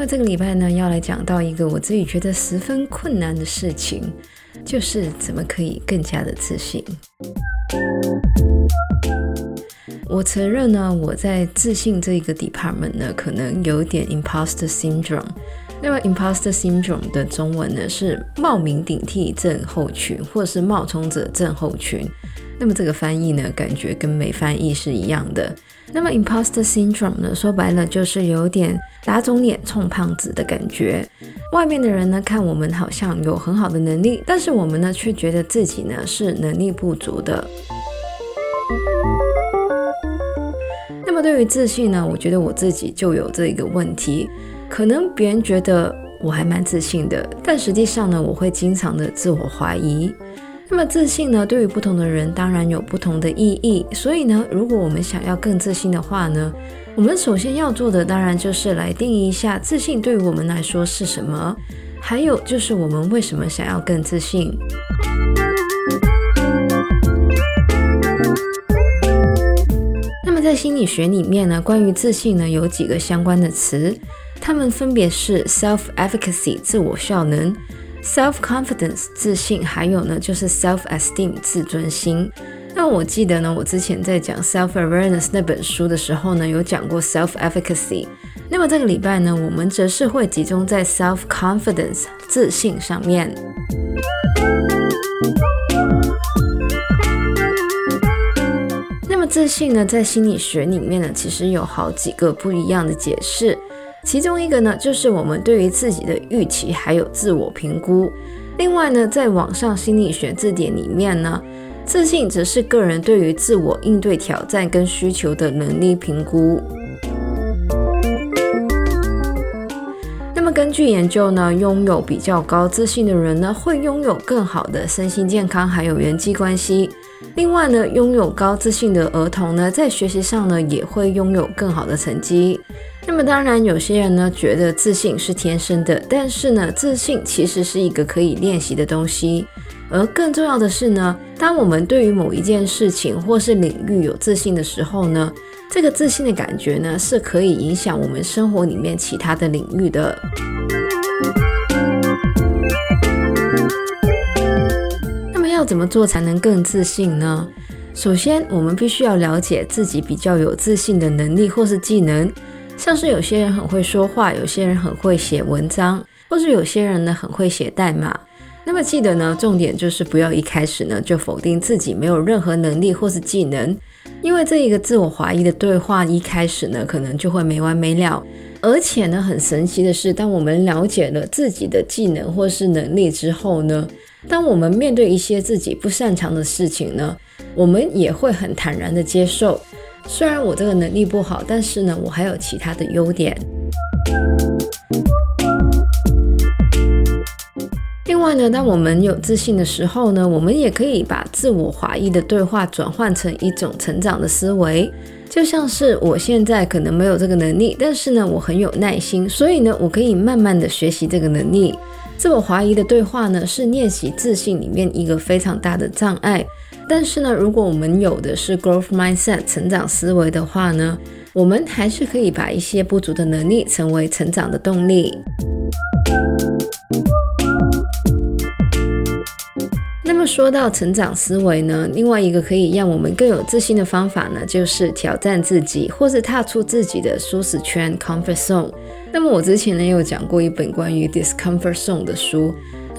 那這個禮拜呢，要來講到一個我自己覺得十分困難的事情，就是怎麼可以更加的自信。我承認呢，我在自信這一個 department 呢，可能有點 imposter syndrome。那麼 impostor syndrome 的中文呢，是冒名頂替症候群，或是冒充者症候群。那麼這個翻譯呢，感覺跟沒翻譯是一樣的。那麼 impostor syndrome 呢，說白了就是有點打腫臉充胖子的感覺。外面的人呢，看我們好像有很好的能力，但是我們呢，卻覺得自己呢是能力不足的。那麼對於自信呢，我覺得我自己就有這一個問題。可能別人覺得我還蠻自信的，但實際上呢，我會經常的自我懷疑。那麼自信呢，對於不同的人當然有不同的意義。所以呢，如果我們想要更自信的話呢，我們首先要做的當然就是來定義一下自信對於我們來說是什麼，還有就是我們為什麼想要更自信。那麼在心理學裡面呢，關於自信呢，有幾個相關的詞。它們分別是 self-efficacy 自我效能、self-confidence 自信，還有呢就是 self-esteem 自尊心。那我記得呢，我之前在講 self-awareness 那本書的時候呢，有講過 self-efficacy。那麼這個禮拜呢，我們則是會集中在 self-confidence 自信上面。 那麼自信呢，在心理學裡面呢，其實有好幾個不一樣的解釋。其中一個呢，就是我們對於自己的預期還有自我評估。另外呢，在網上心理學字典裡面呢，自信則是個人對於自我應對挑戰跟需求的能力評估。那麼根據研究呢，擁有比較高自信的人呢，會擁有更好的身心健康還有人際關係。另外呢，擁有高自信的兒童呢，在學習上呢，也會擁有更好的成績。那麼當然，有些人呢覺得自信是天生的，但是呢，自信其實是一個可以練習的東西。而更重要的是呢，當我們對於某一件事情或是領域有自信的時候呢，這個自信的感覺呢是可以影響我們生活裡面其他的領域的。那麼要怎麼做才能更自信呢？首先，我們必須要了解自己比較有自信的能力或是技能。像是有些人很會說話，有些人很會寫文章，或是有些人呢很會寫代碼。那麼記得呢，重點就是不要一開始呢就否定自己沒有任何能力或是技能，因為這一個自我懷疑的對話一開始呢可能就會沒完沒了。而且呢，很神奇的是，當我們了解了自己的技能或是能力之後呢，當我們面對一些自己不擅長的事情呢，我們也會很坦然的接受。雖然我這個能力不好，但是呢，我還有其他的優點。另外呢，當我們有自信的時候呢，我們也可以把自我懷疑的對話轉換成一種成長的思維。就像是我現在可能沒有這個能力，但是呢，我很有耐心，所以呢，我可以慢慢的學習這個能力。自我懷疑的對話呢，是練習自信裡面一個非常大的障礙。但是呢，如果我們有的是 growth mindset 成長思維的話呢，我們還是可以把一些不足的能力成為成長的動力。 那麼說到成長思維呢，另外一個可以讓我們更有自信的方法呢，就是挑戰自己，或是踏出自己的舒適圈 （comfort zone）。那麼我之前呢，有講過一本關於 discomfort zone 的書。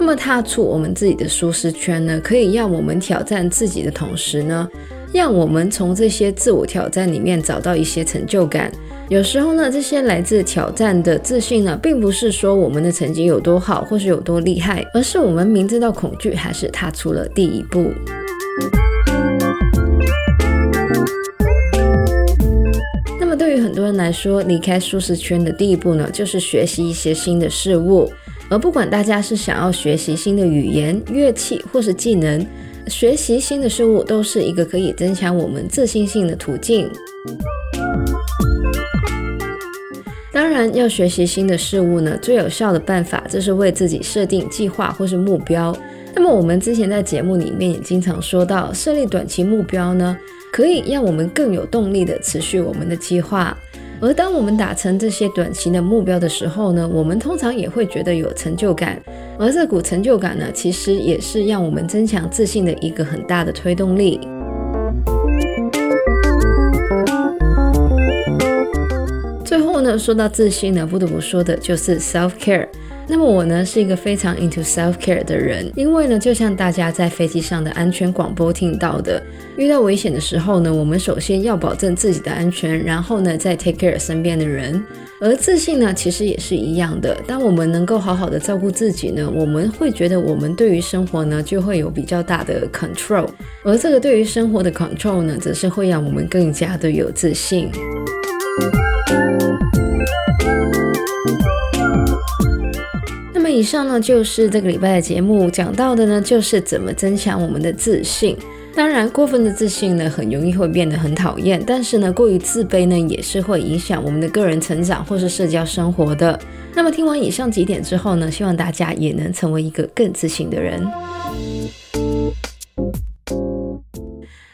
那麼踏出我們自己的舒適圈呢，可以讓我們挑戰自己的同時呢，讓我們從這些自我挑戰裡面找到一些成就感。有時候呢，這些來自挑戰的自信呢，並不是說我們的成績有多好，或是有多厲害，而是我們明知道恐懼，還是踏出了第一步。嗯。對於來說，離開舒適圈的第一步呢，就是學習一些新的事物。而不管大家是想要學習新的語言、樂器或是技能，學習新的事物都是一個可以增強我們自信心的途徑。當然，要學習新的事物呢，最有效的辦法就是為自己設定計劃或是目標。那麼，我們之前在節目裡面也經常說到，設立短期目標呢，可以讓我們更有動力地持續我們的計劃。而當我們達成這些短期的目標的時候呢，我們通常也會覺得有成就感，而這股成就感呢，其實也是讓我們增強自信的一個很大的推動力。最後呢，說到自信呢，不得不說的就是 self-care。那麼我呢，是一個非常 into self care 的人，因為呢，就像大家在飛機上的安全廣播聽到的，遇到危險的時候呢，我們首先要保證自己的安全，然後呢再 take care 身邊的人。而自信呢，其實也是一樣的。當我們能夠好好的照顧自己呢，我們會覺得我們對於生活呢就會有比較大的 control，而這個對於生活的 control 呢，則是會讓我們更加的有自信。 以上呢，就是這個禮拜的節目講到的呢，就是怎麼增強我們的自信。當然，過分的自信呢，很容易會變得很討厭；但是呢，過於自卑呢，也是會影響我們的個人成長或是社交生活的。那麼聽完以上幾點之後呢，希望大家也能成為一個更自信的人。